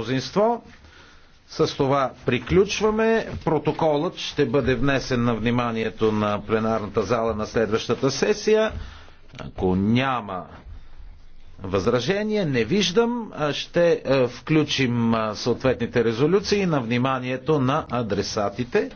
мнозинство. С това приключваме. Протоколът ще бъде внесен на вниманието на пленарната зала на следващата сесия. Ако няма възражение, не виждам, ще включим съответните резолюции на вниманието на адресатите.